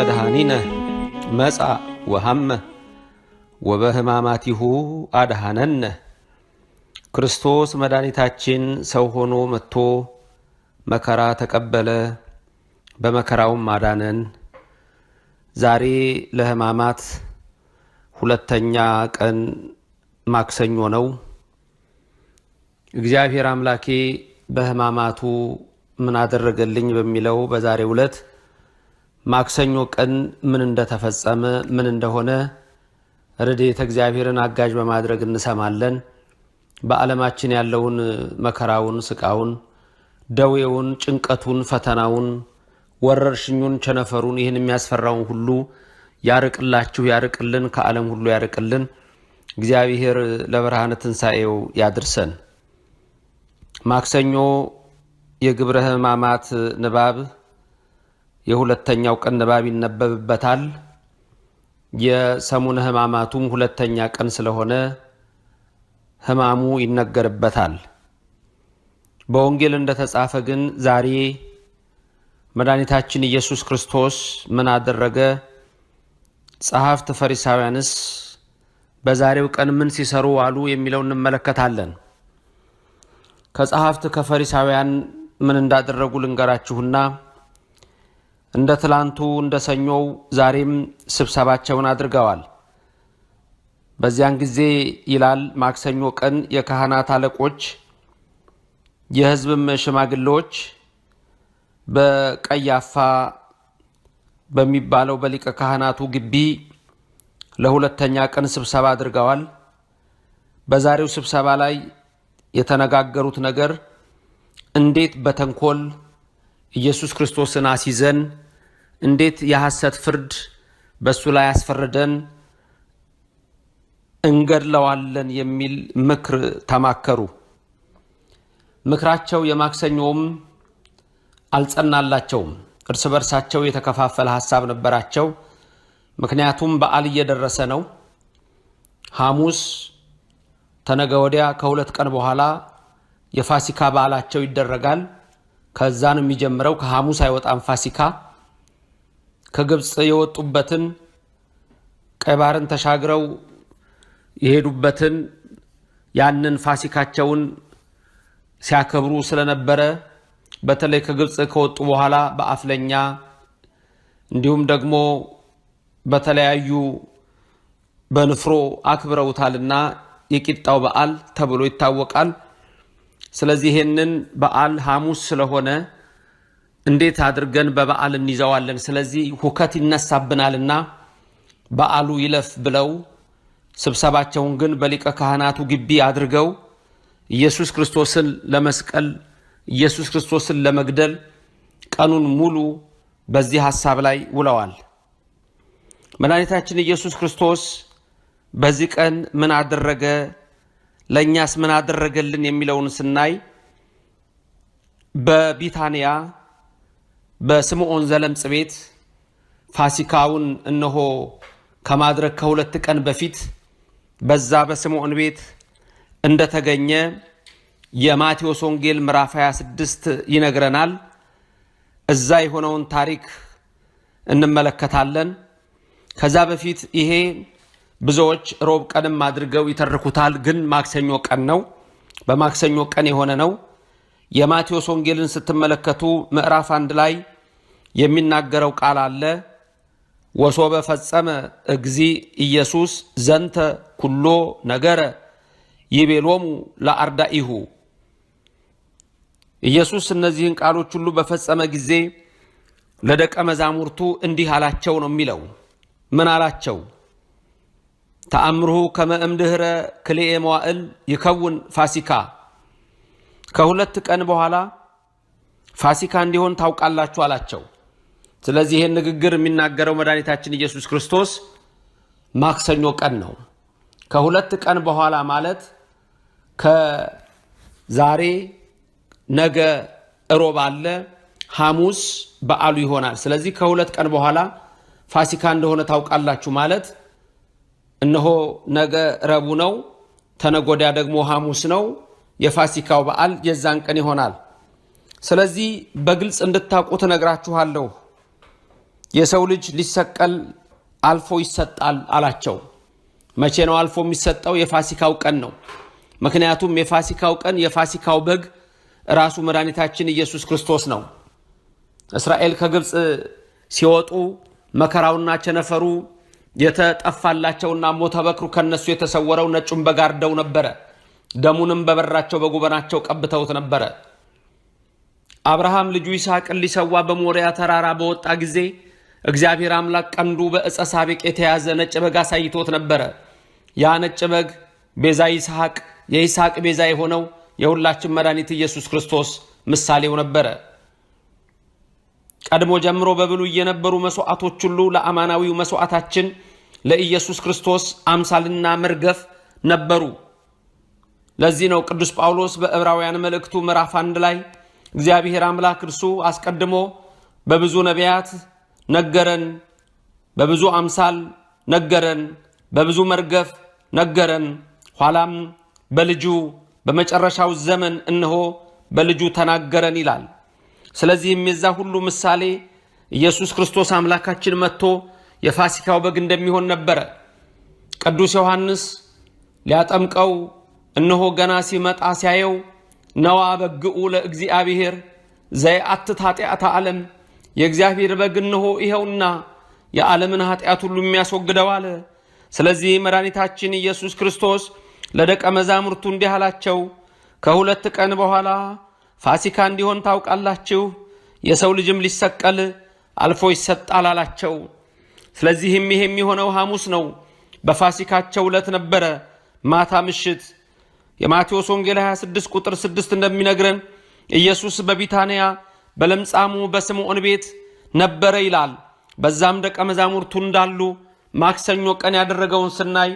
መድኃኒነ መጻ ወሐመ ወበሕማማቲሁ አድኃነነ። ክርስቶስ መድኃኒታችን ሰው ሆኖ መጥቶ መከራ ተቀበለ፣ በመከራውም አዳነን። ዛሬ ለህማማት ሁለተኛ ቀን ማክሰኞ ነው። እግዚአብሔር አምላኬ በህማማቱ ምን አደረገልኝ በሚለው በዛሬው ዕለት ማክሰኞ ቀን ምን እንደተፈጸመ ምን እንደሆነ ረድኤተ እግዚአብሔርን አጋዥ በማድረግ እንሰማለን። በዓለማችን ያለውን መከራውን፣ ስቃውን፣ ደዌውን፣ ጭንቀቱን፣ ፈተናውን፣ ወረርሽኙን፣ ቸነፈሩን ይህን የሚያስፈራውን ሁሉ ያርቅላችሁ፣ ያርቅልን፣ ከዓለም ሁሉ ያርቅልን። እግዚአብሔር ለብርሃነ ትንሣኤው ያድርሰን። ማክሰኞ የግብረ ሕማማት ንባብ የሁለተኛው ቀን ንባብ ይነበብበታል። የሰሙነ ሕማማቱም ሁለተኛ ቀን ስለሆነ ሕማሙ ይነገርበታል። በወንጌል እንደተጻፈ ግን ዛሬ መድኃኒታችን ኢየሱስ ክርስቶስ ምን አደረገ? ጸሐፍት ፈሪሳውያንስ በዛሬው ቀን ምን ሲሰሩ ዋሉ የሚለው እንመለከታለን። ከጸሐፍት ከፈሪሳውያን ምን እንዳደረጉ ልንገራችሁና እንደ ትላንቱ እንደ ሰኞው ዛሬም ስብሰባቸውን አድርገዋል። በዚያን ጊዜ ይላል ማክሰኞ ቀን የካህናት አለቆች የሕዝብም ሽማግሌዎች በቀያፋ በሚባለው በሊቀ ካህናቱ ግቢ ለሁለተኛ ቀን ስብሰባ አድርገዋል። በዛሬው ስብሰባ ላይ የተነጋገሩት ነገር እንዴት በተንኮል ኢየሱስ ክርስቶስን አሲዘን እንዴት የሐሰት ፍርድ በእሱ ላይ ያስፈረደን እንገድለዋለን የሚል ምክር ተማከሩ። ምክራቸው የማክሰኞውም አልጸናላቸውም። እርስ በርሳቸው የተከፋፈለ ሐሳብ ነበራቸው። ምክንያቱም በዓል እየደረሰ ነው። ሐሙስ ተነገ ወዲያ ከሁለት ቀን በኋላ የፋሲካ በዓላቸው ይደረጋል። ከዛ ነው የሚጀምረው። ከሐሙስ አይወጣም ፋሲካ። ከግብፅ የወጡበትን ቀይ ባህርን ተሻግረው የሄዱበትን ያንን ፋሲካቸውን ሲያከብሩ ስለነበረ በተለይ ከግብፅ ከወጡ በኋላ በአፍለኛ እንዲሁም ደግሞ በተለያዩ በንፍሮ አክብረውታልና የቂጣው በዓል ተብሎ ይታወቃል። ስለዚህ ይህንን በዓል ሐሙስ ስለሆነ እንዴት አድርገን በበዓል እንይዘዋለን? ስለዚህ ሁከት ይነሳብናልና በዓሉ ይለፍ ብለው ስብሰባቸውን ግን በሊቀ ካህናቱ ግቢ አድርገው ኢየሱስ ክርስቶስን ለመስቀል ኢየሱስ ክርስቶስን ለመግደል ቀኑን ሙሉ በዚህ ሐሳብ ላይ ውለዋል። መድኃኒታችን ኢየሱስ ክርስቶስ በዚህ ቀን ምን አደረገ ለእኛስ ምን አደረገልን የሚለውን ስናይ በቢታንያ በስምዖን ዘለምጽ ቤት ፋሲካውን እነሆ ከማድረግ ከሁለት ቀን በፊት በዛ በስምዖን ቤት እንደተገኘ የማቴዎስ ወንጌል ምዕራፍ 26 ይነግረናል። እዛ የሆነውን ታሪክ እንመለከታለን። ከዛ በፊት ይሄ ብዙዎች ሮብ ቀንም አድርገው ይተርኩታል፣ ግን ማክሰኞ ቀን ነው። በማክሰኞ ቀን የሆነ ነው። የማቴዎስ ወንጌልን ስትመለከቱ ምዕራፍ አንድ ላይ የሚናገረው ቃል አለ። ወሶበ ፈጸመ እግዚ ኢየሱስ ዘንተ ኩሎ ነገረ ይቤሎሙ ለአርዳኢሁ። ኢየሱስ እነዚህን ቃሎች ሁሉ በፈጸመ ጊዜ ለደቀ መዛሙርቱ እንዲህ አላቸው ነው የሚለው። ምን አላቸው? ተአምርሁ ከመ እምድኅረ ክልኤ መዋዕል ይከውን ፋሲካ ከሁለት ቀን በኋላ ፋሲካ እንዲሆን ታውቃላችሁ አላቸው። ስለዚህ ይህን ንግግር የሚናገረው መድኃኒታችን ኢየሱስ ክርስቶስ ማክሰኞ ቀን ነው። ከሁለት ቀን በኋላ ማለት ከዛሬ ነገ እሮብ አለ፣ ሐሙስ በዓሉ ይሆናል። ስለዚህ ከሁለት ቀን በኋላ ፋሲካ እንደሆነ ታውቃላችሁ ማለት እነሆ ነገ ረቡዕ ነው፣ ተነጎዳ ደግሞ ሐሙስ ነው። የፋሲካው በዓል የዛን ቀን ይሆናል። ስለዚህ በግልጽ እንድታውቁ ትነግራችኋለሁ። የሰው ልጅ ሊሰቀል አልፎ ይሰጣል አላቸው። መቼ ነው አልፎ የሚሰጠው? የፋሲካው ቀን ነው። ምክንያቱም የፋሲካው ቀን የፋሲካው በግ ራሱ መድኃኒታችን ኢየሱስ ክርስቶስ ነው። እስራኤል ከግብፅ ሲወጡ መከራውና ቸነፈሩ የተጠፋላቸውና ሞተ በክሩ ከነሱ የተሰወረው ነጩን በግ አርደው ነበረ። ደሙንም በበራቸው በጉበናቸው ቀብተውት ነበረ። አብርሃም ልጁ ይስሐቅን ሊሰዋ በሞሪያ ተራራ በወጣ ጊዜ እግዚአብሔር አምላክ ቀንዱ በዕፀ ሳቤቅ የተያዘ ነጭ በግ አሳይቶት ነበረ። ያ ነጭ በግ ቤዛ ይስሐቅ፣ የይስሐቅ ቤዛ የሆነው የሁላችን መድኃኒት ኢየሱስ ክርስቶስ ምሳሌው ነበረ። ቀድሞ ጀምሮ በብሉይ የነበሩ መስዋዕቶች ሁሉ ለአማናዊው መስዋዕታችን ለኢየሱስ ክርስቶስ አምሳልና መርገፍ ነበሩ። ለዚህ ነው ቅዱስ ጳውሎስ በዕብራውያን መልእክቱ ምዕራፍ አንድ ላይ እግዚአብሔር አምላክ እርሱ አስቀድሞ በብዙ ነቢያት ነገረን፣ በብዙ አምሳል ነገረን፣ በብዙ መርገፍ ነገረን፣ ኋላም በልጁ በመጨረሻው ዘመን እነሆ በልጁ ተናገረን ይላል። ስለዚህም የዛ ሁሉ ምሳሌ ኢየሱስ ክርስቶስ አምላካችን መጥቶ የፋሲካው በግ እንደሚሆን ነበረ። ቅዱስ ዮሐንስ ሊያጠምቀው እነሆ ገና ሲመጣ ሲያየው ነዋ በግኡ ለእግዚአብሔር ዘየአትት ኃጢአተ ዓለም የእግዚአብሔር በግ እነሆ ይኸውና የዓለምን ኃጢአት ሁሉ የሚያስወግደው አለ። ስለዚህ መድኃኒታችን ኢየሱስ ክርስቶስ ለደቀ መዛሙርቱ እንዲህ አላቸው፣ ከሁለት ቀን በኋላ ፋሲካ እንዲሆን ታውቃላችሁ፣ የሰው ልጅም ሊሰቀል አልፎ ይሰጣል አላቸው። ስለዚህም ይሄ የሚሆነው ሐሙስ ነው። በፋሲካቸው ዕለት ነበረ ማታ ምሽት። የማቴዎስ ወንጌል 26 ቁጥር 6 እንደሚነግረን ኢየሱስ በቢታንያ በለምጻሙ በስምዖን ቤት ነበረ ይላል። በዛም ደቀ መዛሙርቱ እንዳሉ ማክሰኞ ቀን ያደረገውን ስናይ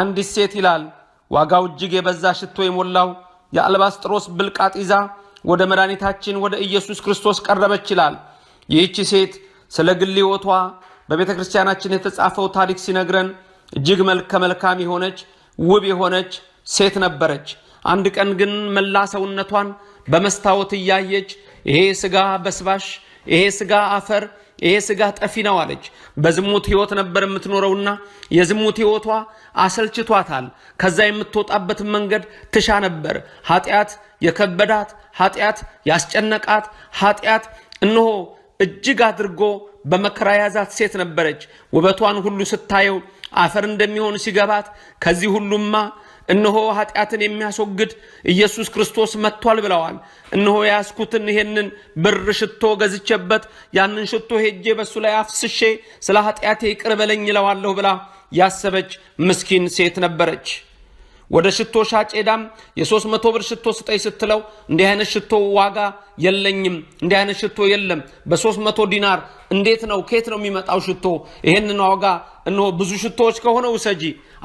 አንዲት ሴት ይላል ዋጋው እጅግ የበዛ ሽቶ የሞላው የአልባስጥሮስ ብልቃጥ ይዛ ወደ መድኃኒታችን ወደ ኢየሱስ ክርስቶስ ቀረበች ይላል። ይህቺ ሴት ስለ ግል ሕይወቷ በቤተ ክርስቲያናችን የተጻፈው ታሪክ ሲነግረን እጅግ መልከ መልካም የሆነች ውብ የሆነች ሴት ነበረች። አንድ ቀን ግን መላ ሰውነቷን በመስታወት እያየች ይሄ ስጋ በስባሽ፣ ይሄ ስጋ አፈር፣ ይሄ ስጋ ጠፊ ነው አለች። በዝሙት ሕይወት ነበር የምትኖረውና የዝሙት ሕይወቷ አሰልችቷታል። ከዛ የምትወጣበትን መንገድ ትሻ ነበር ኃጢአት የከበዳት ኃጢአት ያስጨነቃት ኃጢአት እነሆ እጅግ አድርጎ በመከራ የያዛት ሴት ነበረች። ውበቷን ሁሉ ስታየው አፈር እንደሚሆን ሲገባት ከዚህ ሁሉማ እነሆ ኃጢአትን የሚያስወግድ ኢየሱስ ክርስቶስ መጥቷል ብለዋል። እነሆ የያዝኩትን ይሄንን ብር ሽቶ ገዝቼበት ያንን ሽቶ ሄጄ በእሱ ላይ አፍስሼ ስለ ኃጢአቴ ይቅር በለኝ ይለዋለሁ ብላ ያሰበች ምስኪን ሴት ነበረች። ወደ ሽቶ ሻጭ ሄዳም የሶስት መቶ ብር ሽቶ ስጠኝ ስትለው እንዲህ አይነት ሽቶ ዋጋ የለኝም፣ እንዲህ አይነት ሽቶ የለም፣ በሶስት መቶ ዲናር እንዴት ነው ከየት ነው የሚመጣው ሽቶ? ይሄንን ዋጋ እነሆ ብዙ ሽቶዎች ከሆነ ውሰጂ።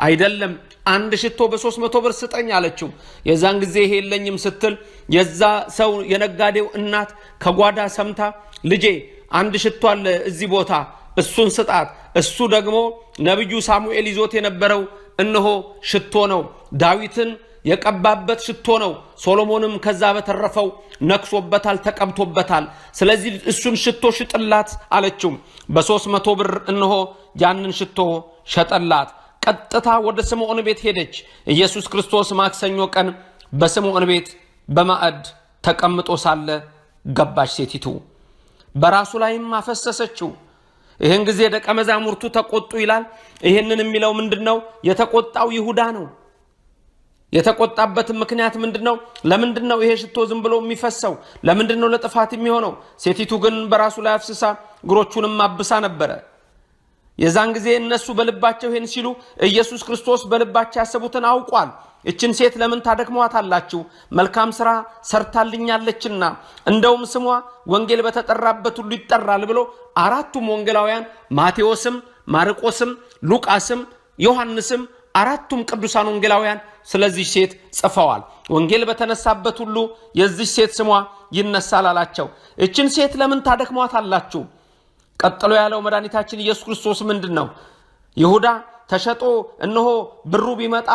አይደለም አንድ ሽቶ በሶስት መቶ ብር ስጠኝ አለችው። የዛን ጊዜ ይሄ የለኝም ስትል የዛ ሰው የነጋዴው እናት ከጓዳ ሰምታ ልጄ አንድ ሽቶ አለ እዚህ ቦታ እሱን ስጣት፣ እሱ ደግሞ ነቢዩ ሳሙኤል ይዞት የነበረው እነሆ ሽቶ ነው ዳዊትን የቀባበት ሽቶ ነው። ሶሎሞንም ከዛ በተረፈው ነክሶበታል፣ ተቀብቶበታል። ስለዚህ እሱን ሽቶ ሽጥላት አለችው። በሦስት መቶ ብር እንሆ ያንን ሽቶ ሸጠላት። ቀጥታ ወደ ስምዖን ቤት ሄደች። ኢየሱስ ክርስቶስ ማክሰኞ ቀን በስምዖን ቤት በማዕድ ተቀምጦ ሳለ ገባች ሴቲቱ፣ በራሱ ላይም አፈሰሰችው። ይህን ጊዜ ደቀ መዛሙርቱ ተቆጡ ይላል። ይህንን የሚለው ምንድን ነው? የተቆጣው ይሁዳ ነው። የተቆጣበትም ምክንያት ምንድን ነው? ለምንድን ነው ይሄ ሽቶ ዝም ብሎ የሚፈሰው? ለምንድን ነው ለጥፋት የሚሆነው? ሴቲቱ ግን በራሱ ላይ አፍስሳ እግሮቹንም አብሳ ነበረ። የዛን ጊዜ እነሱ በልባቸው ይሄን ሲሉ ኢየሱስ ክርስቶስ በልባቸው ያሰቡትን አውቋል። እችን ሴት ለምን ታደክሟታላችሁ? መልካም ስራ ሰርታልኛለችና እንደውም ስሟ ወንጌል በተጠራበት ሁሉ ይጠራል ብሎ አራቱም ወንጌላውያን ማቴዎስም፣ ማርቆስም፣ ሉቃስም፣ ዮሐንስም አራቱም ቅዱሳን ወንጌላውያን ስለዚህ ሴት ጽፈዋል። ወንጌል በተነሳበት ሁሉ የዚህ ሴት ስሟ ይነሳል አላቸው። እችን ሴት ለምን ታደክሟት አላችሁ? ቀጥሎ ያለው መድኃኒታችን ኢየሱስ ክርስቶስ ምንድን ነው? ይሁዳ ተሸጦ እነሆ ብሩ ቢመጣ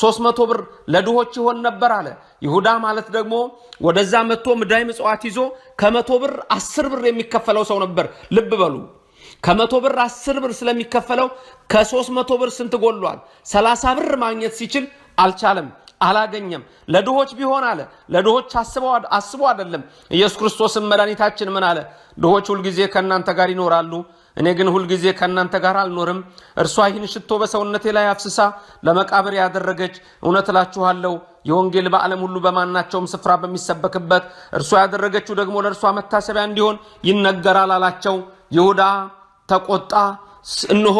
ሶስት መቶ ብር ለድሆች ይሆን ነበር አለ። ይሁዳ ማለት ደግሞ ወደዛ መጥቶ ምዳይ ምጽዋት ይዞ ከመቶ ብር አስር ብር የሚከፈለው ሰው ነበር። ልብ በሉ። ከመቶ ብር አስር ብር ስለሚከፈለው ከሶስት መቶ ብር ስንት ጎሏል? ሰላሳ ብር ማግኘት ሲችል አልቻለም፣ አላገኘም። ለድሆች ቢሆን አለ ለድሆች አስቦ አይደለም። ኢየሱስ ክርስቶስን መድኃኒታችን ምን አለ? ድሆች ሁልጊዜ ከእናንተ ጋር ይኖራሉ፣ እኔ ግን ሁልጊዜ ከእናንተ ጋር አልኖርም። እርሷ ይህን ሽቶ በሰውነቴ ላይ አፍስሳ ለመቃብር ያደረገች፣ እውነት እላችኋለሁ የወንጌል በዓለም ሁሉ በማናቸውም ስፍራ በሚሰበክበት እርሷ ያደረገችው ደግሞ ለእርሷ መታሰቢያ እንዲሆን ይነገራል አላቸው። ይሁዳ ተቆጣ። እንሆ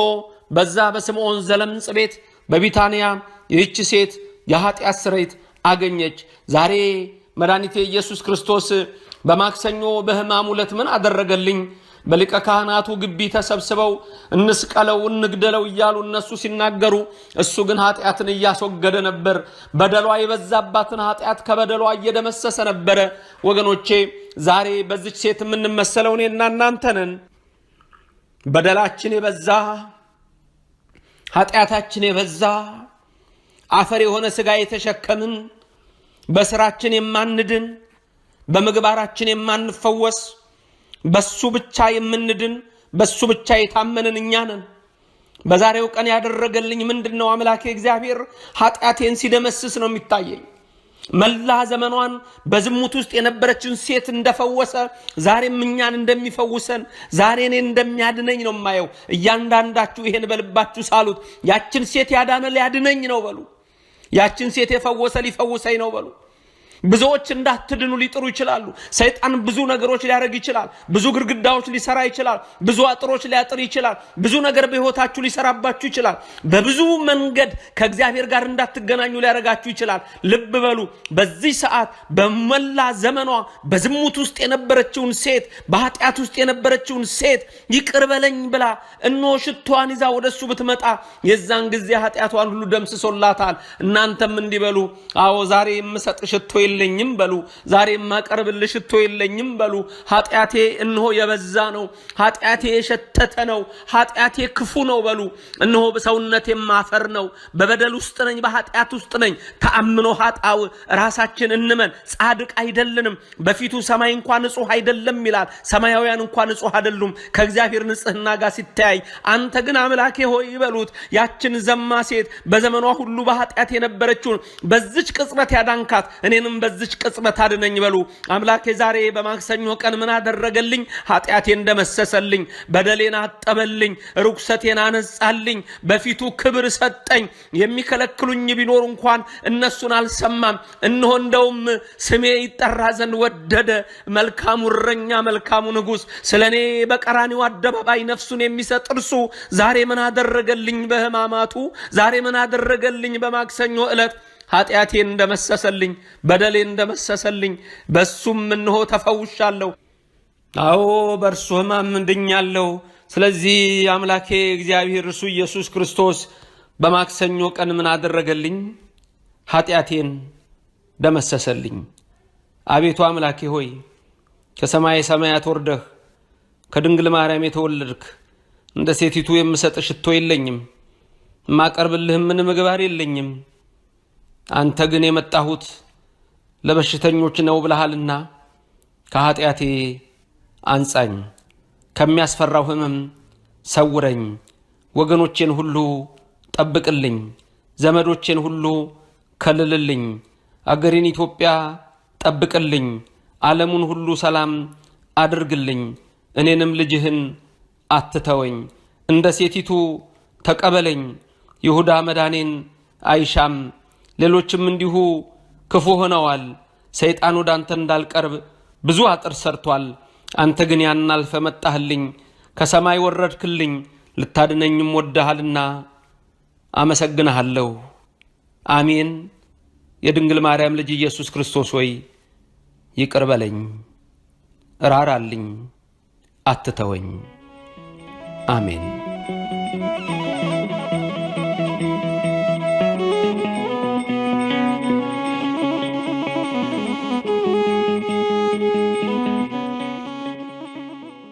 በዛ በስምዖን ዘለምጽ ቤት በቢታንያ ይህች ሴት የኃጢአት ስርየት አገኘች። ዛሬ መድኃኒቴ ኢየሱስ ክርስቶስ በማክሰኞ በሕማሙ ዕለት ምን አደረገልኝ? በሊቀ ካህናቱ ግቢ ተሰብስበው እንስቀለው፣ እንግደለው እያሉ እነሱ ሲናገሩ፣ እሱ ግን ኃጢአትን እያስወገደ ነበር። በደሏ የበዛባትን ኃጢአት ከበደሏ እየደመሰሰ ነበረ። ወገኖቼ ዛሬ በዚች ሴት የምንመሰለው እኔና እናንተ ነን። በደላችን የበዛ ኃጢአታችን የበዛ አፈር የሆነ ሥጋ የተሸከምን በሥራችን የማንድን በምግባራችን የማንፈወስ በሱ ብቻ የምንድን በሱ ብቻ የታመንን እኛ ነን። በዛሬው ቀን ያደረገልኝ ምንድን ነው? አምላኬ እግዚአብሔር ኃጢአቴን ሲደመስስ ነው የሚታየኝ። መላ ዘመኗን በዝሙት ውስጥ የነበረችን ሴት እንደፈወሰ ዛሬም እኛን እንደሚፈውሰን ዛሬ እኔን እንደሚያድነኝ ነው የማየው። እያንዳንዳችሁ ይሄን በልባችሁ ሳሉት። ያችን ሴት ያዳነ ሊያድነኝ ነው በሉ። ያችን ሴት የፈወሰ ሊፈውሰኝ ነው በሉ። ብዙዎች እንዳትድኑ ሊጥሩ ይችላሉ። ሰይጣን ብዙ ነገሮች ሊያደርግ ይችላል። ብዙ ግድግዳዎች ሊሰራ ይችላል። ብዙ አጥሮች ሊያጥር ይችላል። ብዙ ነገር በሕይወታችሁ ሊሰራባችሁ ይችላል። በብዙ መንገድ ከእግዚአብሔር ጋር እንዳትገናኙ ሊያደርጋችሁ ይችላል። ልብ በሉ። በዚህ ሰዓት በመላ ዘመኗ በዝሙት ውስጥ የነበረችውን ሴት፣ በኃጢአት ውስጥ የነበረችውን ሴት ይቅር በለኝ ብላ እኖ ሽቷን ይዛ ወደ እሱ ብትመጣ የዛን ጊዜ ኃጢአቷን ሁሉ ደምስሶላታል። እናንተም እንዲበሉ አዎ ዛሬ የምሰጥ ሽቶ የለኝም በሉ። ዛሬ የማቀርብልሽ ሽቶ የለኝም በሉ። ኃጢአቴ እነሆ የበዛ ነው፣ ኃጢአቴ የሸተተ ነው፣ ኃጢአቴ ክፉ ነው በሉ። እነሆ ሰውነቴ ማፈር ነው፣ በበደል ውስጥ ነኝ፣ በኃጢአት ውስጥ ነኝ። ተአምኖ ኃጣው ራሳችን እንመን፣ ጻድቅ አይደለንም። በፊቱ ሰማይ እንኳን ንጹህ አይደለም ይላል። ሰማያውያን እንኳን ንጹህ አይደሉም ከእግዚአብሔር ንጽህና ጋር ሲተያይ። አንተ ግን አምላኬ ሆይ ይበሉት ያችን ዘማ ሴት በዘመኗ ሁሉ በኃጢአት የነበረችውን በዚች ቅጽበት ያዳንካት እኔንም በዚች ቅጽበት አድነኝ በሉ። አምላኬ ዛሬ በማክሰኞ ቀን ምን አደረገልኝ? ኃጢአቴ እንደመሰሰልኝ በደሌን አጠበልኝ፣ ርኩሰቴን አነጻልኝ፣ በፊቱ ክብር ሰጠኝ። የሚከለክሉኝ ቢኖር እንኳን እነሱን አልሰማም። እነሆ እንደውም ስሜ ይጠራ ዘንድ ወደደ። መልካሙ እረኛ፣ መልካሙ ንጉሥ ስለ እኔ በቀራኒው አደባባይ ነፍሱን የሚሰጥ እርሱ ዛሬ ምን አደረገልኝ በሕማማቱ ዛሬ ምን አደረገልኝ በማክሰኞ ዕለት ኃጢአቴን እንደመሰሰልኝ፣ በደሌን እንደመሰሰልኝ በእሱም እንሆ ተፈውሻለሁ። አዎ በእርሱ ሕማም ድኛለሁ። ስለዚህ አምላኬ እግዚአብሔር እርሱ ኢየሱስ ክርስቶስ በማክሰኞ ቀን ምን አደረገልኝ? ኃጢአቴን ደመሰሰልኝ። አቤቱ አምላኬ ሆይ ከሰማይ ሰማያት ወርደህ ከድንግል ማርያም የተወለድክ እንደ ሴቲቱ የምሰጥ ሽቶ የለኝም፣ የማቀርብልህም ምን ምግባር የለኝም አንተ ግን የመጣሁት ለበሽተኞች ነው ብለሃልና ከኃጢአቴ አንጻኝ፣ ከሚያስፈራው ህመም ሰውረኝ፣ ወገኖቼን ሁሉ ጠብቅልኝ፣ ዘመዶቼን ሁሉ ከልልልኝ፣ አገሬን ኢትዮጵያ ጠብቅልኝ፣ ዓለሙን ሁሉ ሰላም አድርግልኝ፣ እኔንም ልጅህን አትተወኝ፣ እንደ ሴቲቱ ተቀበለኝ። ይሁዳ መዳኔን አይሻም ሌሎችም እንዲሁ ክፉ ሆነዋል። ሰይጣን ወደ አንተ እንዳልቀርብ ብዙ አጥር ሰርቷል። አንተ ግን ያን አልፈ መጣህልኝ፣ ከሰማይ ወረድክልኝ፣ ልታድነኝም ወደሃልና አመሰግንሃለሁ። አሜን። የድንግል ማርያም ልጅ ኢየሱስ ክርስቶስ ሆይ ይቅር በለኝ፣ ራራልኝ፣ አትተወኝ። አሜን።